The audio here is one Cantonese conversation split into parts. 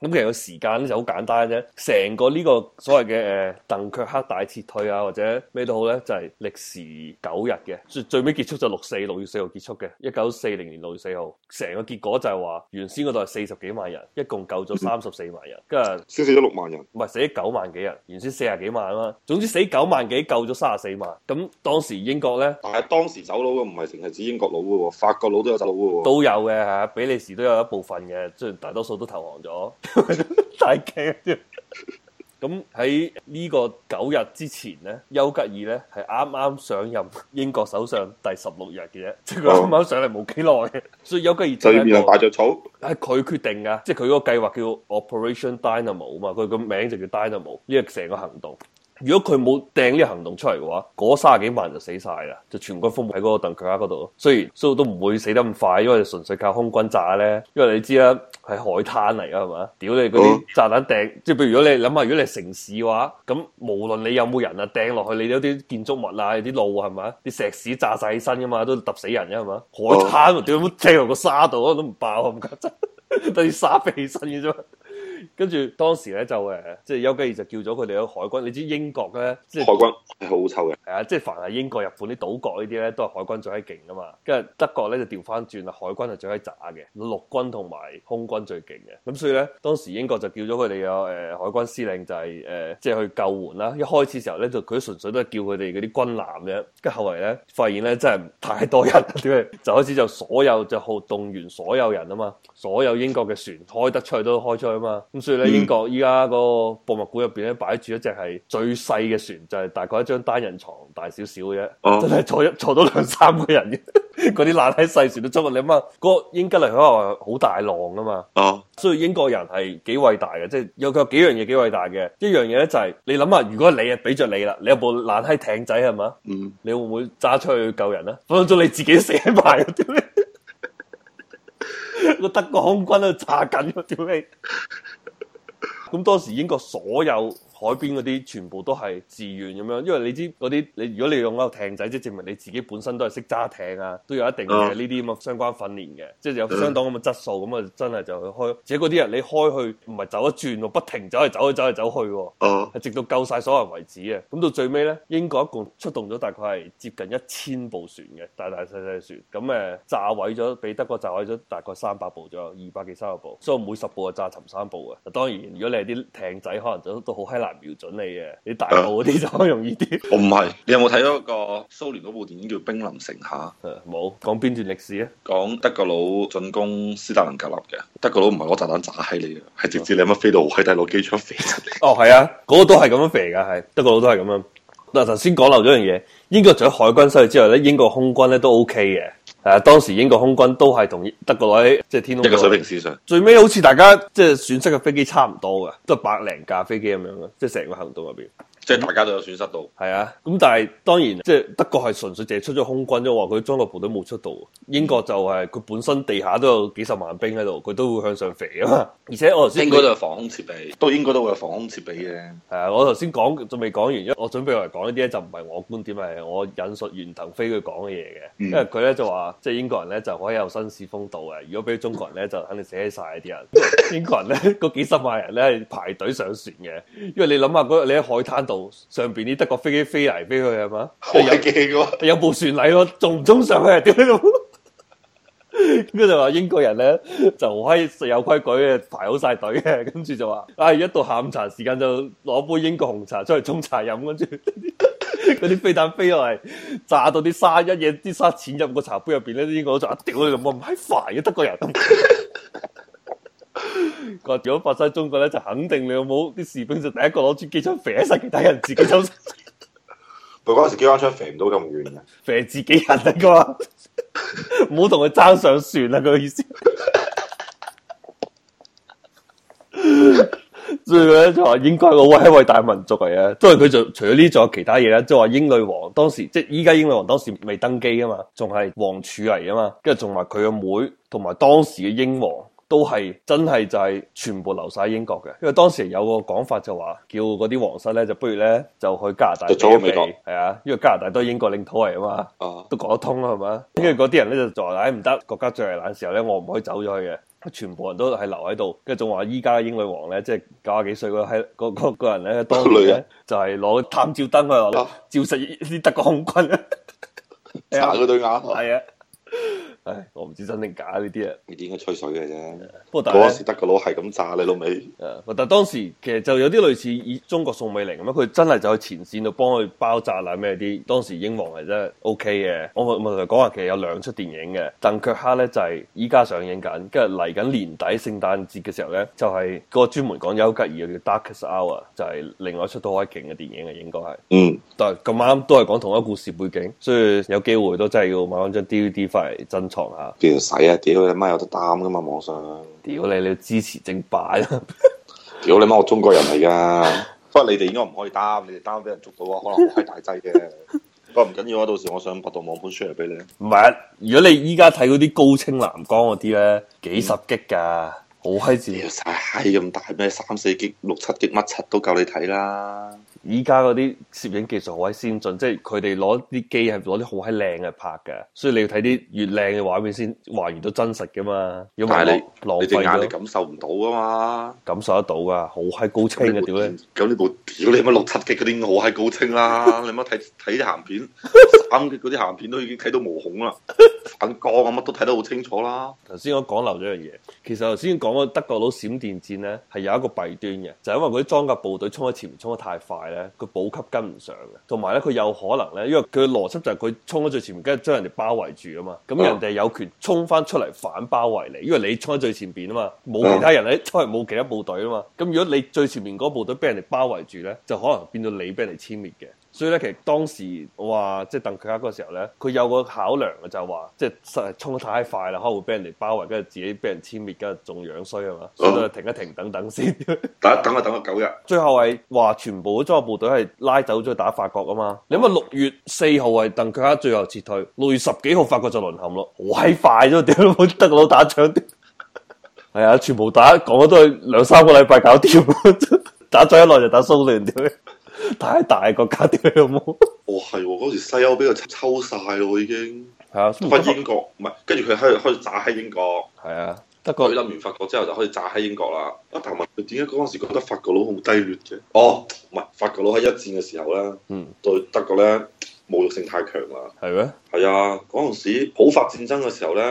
咁其實個時間咧就好簡單啫，成個呢個所謂嘅誒、呃、鄧卻克大撤退啊，或者咩都好咧，就係、是、歷時九日嘅，最最尾結束就六四六月四號結束嘅，一九四零年六月四號。成個結果就係話，原先嗰度係四十幾萬人，一共救咗三十四萬人，跟住先死咗六萬人，唔係死咗九萬幾人，原先四啊幾萬嘛。總之死九萬幾救咗三十四萬。咁當時英國咧，但係當時走佬嘅唔係淨係指英國佬嘅喎，法國佬都有走佬嘅喎，都有嘅嚇，比利時都有一部分嘅，即係大多數都投降咗。太驚啦！咁喺呢個九日之前呢，丘吉爾呢係啱啱上任英國首相第十六日嘅啫，oh. 即係佢啱啱上嚟冇幾耐， 所以丘吉爾就要大只草，係佢決定噶，即係佢嗰個計劃叫 Operation Dynamo 嘛，佢個名就叫 Dynamo，呢個成個行動。如果佢冇掟呢個行動出嚟嘅話，嗰三十幾萬人就死晒啦，就全軍覆沒喺嗰個鄧強家嗰度。雖然所以都唔會死得咁快，因為純粹靠空軍炸咧。因為你知啦，係海灘嚟噶係嘛？屌你嗰啲炸彈掟，即係譬如如果你諗下，如果你係城市嘅話，咁無論你有冇人啊掟落去，你嗰啲建築物啊、啲路係咪？啲石屎炸晒起身噶嘛，都揼死人啫係嘛？海灘，屌你，掟落個沙度都唔爆，唔緊要。等 沙飛起身嘅啫。跟住當時咧就誒，即係丘吉爾就叫咗佢哋嘅海軍。你知英國咧、就是啊就是，海軍係好臭嘅，係啊，即係凡係英國日本啲島國呢啲咧，都係海軍最閪勁噶嘛。跟住德國咧就調翻轉啦，海軍係最閪渣嘅，陸軍同埋空軍最勁嘅。咁所以咧，當時英國就叫咗佢哋嘅誒海軍司令就係、是、誒，即、呃、係、就是、去救援啦。一開始時候咧就佢都純粹都係叫佢哋嗰啲軍艦嘅，跟後嚟咧發現咧真係太多人，點解？ 就開始就所有就好動員所有人啊嘛，所有英國嘅船開得出去都開出去啊嘛。所以英國依家個博物館入邊咧擺住一隻係最細嘅船，就係、是、大概一張單人床大小小，大少少嘅啫，真係坐一坐到兩三個人嘅。嗰啲難睇細船都足，你諗下，嗰、那個英吉利海好大浪啊嘛，啊所以英國人係幾偉大嘅，即係有佢有幾樣嘢幾偉大嘅。一樣嘢咧就係、是、你諗下，如果你啊俾著你啦，你有部難睇艇仔係嘛，嗯、你會唔會揸出去救人咧？分分鐘你自己死埋啊！屌你，個德國空軍都炸緊我，屌你。 咁當時英國所有。海邊嗰啲全部都係自願咁樣，因為你知嗰啲你如果你用嗰個艇仔，即係證明你自己本身都係識揸艇啊，都有一定嘅呢啲咁嘅相關訓練嘅，即係有相當咁嘅質素，咁啊真係就去開。而且嗰啲人你開去唔係走一轉喎，不停走嚟走去走嚟走去喎，直到夠晒所有人為止啊。咁到最尾呢，英國一共出動咗大概係接近一千部船嘅，大大細細船。咁誒炸毀咗，俾德國炸毀咗大概三百部左右，仲有二百幾三十部，所以每十部啊炸沉三部啊。嗱當然，如果你係啲艇仔，可能就都好瞄準你嘅，你大號啲就可以容易啲、 哦。我唔係，你有冇睇咗個蘇聯嗰部電影叫冰《兵臨城下》嗯。冇，講邊段歷史咧？講德國佬進攻斯大林格勒嘅，德國佬唔係攞炸彈炸喺你嘅，係直接你乜飛到喺大攞機槍射出嚟。 哦，係啊，嗰、那個都係咁樣肥噶，係。德國佬都係咁樣。嗱、啊，頭先講漏咗樣嘢，英國除咗海軍犀利之外咧，英國空軍咧都 OK 嘅。誒、啊，當時英國空軍都係同德國佬喺即係天空一個水平線上，最尾好似大家即係損失嘅飛機差唔多嘅，都係百零架飛機咁樣咯，即係成個行動入邊。即係大家都有損失到，係啊，咁但係當然，即係德國係純粹淨係出咗空軍啫喎，佢裝甲部隊冇出到。英國就係佢本身地下都有幾十萬兵喺度，佢都會向上飛啊嘛。而且我頭先應該都係防空設備，都應該都會有防空設備嘅。係啊，我頭先講仲未講完，因為我準備嚟講呢啲咧就唔係我觀點，係我引述袁騰飛佢講嘅嘢嘅。因為佢咧就話，即係英國人咧就可以有紳士風度嘅，如果俾中國人咧就肯定死曬啲人。英國人咧嗰幾十萬人咧係排隊上船嘅，因為你諗下嗰日你喺海灘度。上邊啲德國飛機飛嚟飛去係嘛？ 有機器有部船禮咯，仲唔衝上去啊！屌你老，跟 住就話英國人咧就可以食有規矩嘅排好晒隊嘅，跟住就話，唉、哎，一到下午茶時間就攞杯英國紅茶出嚟沖茶飲，跟住嗰啲飛彈飛嚟炸到啲沙，一嘢，啲沙錢入個茶杯入邊咧，啲英國佬就啊，屌你老母，唔係煩嘅德國人。 如果發生中國咧，就肯定你有冇啲士兵就第一個攞住機槍射晒其他人，自己走。不過嗰陣時機關槍射唔到咁遠嘅，射自己人啊嘛，唔好同佢爭上船啊！那個意思。 所以咧就話應該係個偉偉大民族嚟嘅，因為佢就除咗呢仲有其他嘢咧，即係話英女王當時即係依家英女王當時未登基啊嘛，仲係王儲嚟啊嘛，跟住仲埋佢嘅妹同埋當時嘅英王。都係真係就係全部留晒英國嘅，因為當時有個講法就話叫嗰啲皇室咧，就不如咧就去加拿大避避。係啊，因為加拿大都係英國領土嚟啊嘛，啊都講得通啊，係嘛，跟住嗰啲人咧就話唉唔得，國家最危難時候咧我唔可以走咗去嘅，全部人都係留喺度，跟住仲話依家英女王咧即係九廿幾歲個喺個人咧當年咧的就係攞探照燈啊照實啲德國空軍啊，查佢對眼係啊。 我唔知真定假呢啲啊！你點解吹水嘅啫。Yeah, 不過當時德國佬係咁炸你老味。誒，yeah, 但當時其實就有啲類似以中國宋美齡咁啊，佢真係就去前線度幫佢包紮啦咩啲。當時英皇係真係 O K 嘅。我咪咪就講話其實有兩出電影嘅。鄧卻克咧就係依家上映緊，跟住嚟緊年底聖誕節嘅時候咧，就係、是、個專門講丘吉爾嘅《叫 Darkest Hour》，就係另外一出都好勁嘅電影嘅，應該係。嗯。但咁啱都係講同一個故事背景，所以有機會都真係要買翻張 D V D 翻嚟珍藏。邊人使啊？屌你媽有得擔噶嘛？網上？屌你！你要支持正版啊？屌 你媽！我中國人嚟噶。 不過你哋應該唔可以擔，你哋擔俾人捉到啊，可能好閪大劑嘅。 不過唔緊要啊，到時我想百度網本 s 嚟 a 俾你。唔係，如果你依家睇嗰啲高清藍光嗰啲咧，幾十 G 噶，好閪字。屌，晒閪咁大咩？三四 G、六七 G 乜七都夠你睇啦。依家嗰啲攝影技術好閪先進，即係佢哋攞啲機係攞啲好閪靚嘅拍嘅，所以你要睇啲越靚嘅畫面先還原到真實嘅嘛。要但係你你隻眼你感受唔到噶嘛？感受得到噶，好閪高清嘅屌！咁呢部屌你乜六七級嗰啲，好閪高清啦！你乜睇睇鹹片？ 啱嗰啲鹹片都已經睇到毛孔啦，反光啊乜都睇得好清楚啦。頭先我講漏咗樣嘢，其實頭先講嗰德國佬閃電戰咧，係有一個弊端嘅，就係因為嗰啲裝甲部隊衝喺前面衝得太快咧，個補給跟唔上嘅。同埋咧，佢有可能咧，因為佢嘅邏輯就係佢衝喺最前面，跟住將人哋包圍住啊嘛。咁人哋有權衝翻出嚟反包圍你，因為你衝喺最前邊啊嘛，冇其他人咧，因為冇其他部隊啊嘛。咁如果你最前面嗰部隊畀人哋包圍住咧，就可能變到你畀人哋殲滅嘅。所以咧，其實當時話即係鄧吉克嗰時候咧，佢有個考量嘅就係話，即係實係衝得太快啦，可能會俾人哋包圍，跟住自己俾人殲滅，跟住仲樣衰啊嘛，哦、所以就停一停，等等先。等一等就等咗九日，最後係話全部裝甲部隊係拉走咗去打法國啊嘛。你諗六月四號係鄧吉克最後撤退，六月十幾號法國就淪陷咯。好閪快啫，屌得老打仗啲。係 啊、哎，全部打講都係兩三個禮拜搞掂， 打咗一耐就打鬆亂啲。太大個國家添啊！哦，係嗰時西歐俾佢抽晒咯，已經係啊，翻英國唔係，跟住佢喺度開始炸喺英國。係啊，德國佢諗完法國之後，就開始炸喺英國啦。啊但係，佢點解嗰陣時覺得法國佬好低劣嘅？哦，唔係法國佬喺一戰嘅時候咧，嗯，對德國咧，侮辱性太強啦。係咩？係啊，嗰陣時普法戰爭嘅時候咧，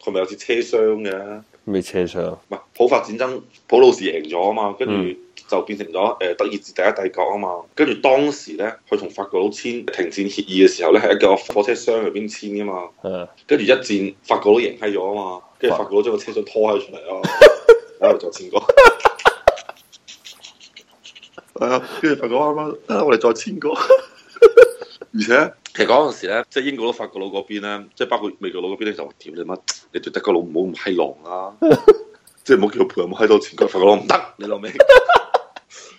佢咪有支車廂嘅？咩車廂啊！唔係普法戰爭，普魯士贏咗啊嘛，跟住就變成咗誒德意志第一帝國啊嘛，跟住當時咧，佢同法國佬簽停戰協議嘅時候咧，係一個火車廂入邊簽噶嘛，跟住的一戰法國佬贏閪咗啊嘛，跟住法國佬將個車廂拖開出嚟啊，喺度再簽過，係 啊，跟住發覺啱啱，我哋再簽過， 而且。其實嗰陣時咧，即係英國佬、法國佬嗰邊咧，即係包括美國佬嗰邊咧，就話：屌你乜？你對德國佬唔好咁閪狼啦，啊， 即係唔好叫佢賠我咁閪多錢。佢法國佬唔得，你老味？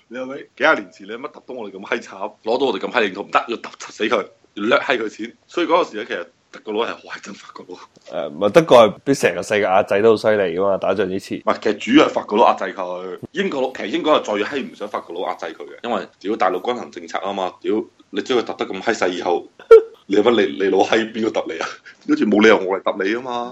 你老味？幾廿年前你乜揼到我哋咁閪慘，攞到我哋咁閪認同唔得，要揼死佢，掠閪佢錢。所以嗰陣時咧，其實。德國佬係好係真法國佬，誒，唔係德國係俾成個世界壓制都好犀利噶嘛，打仗之前，唔係其實主要係法國佬壓制佢， 英國佬其實英國係最閪唔想法國佬壓制佢嘅，因為屌大陸均衡政策啊嘛，屌你將佢揼得咁閪細以後， 你乜你你，你老閪邊個揼你啊？好似冇理由我嚟揼你啊嘛。